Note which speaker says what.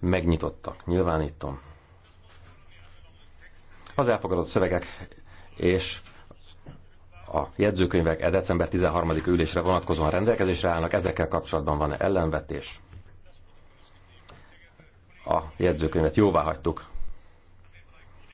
Speaker 1: megnyitottak, nyilvánítom. Az elfogadott szövegek és a jegyzőkönyvek e december 13. ülésre vonatkozóan rendelkezésre állnak, ezekkel kapcsolatban van -e ellenvetés. A jegyzőkönyvet jóvá hagytuk.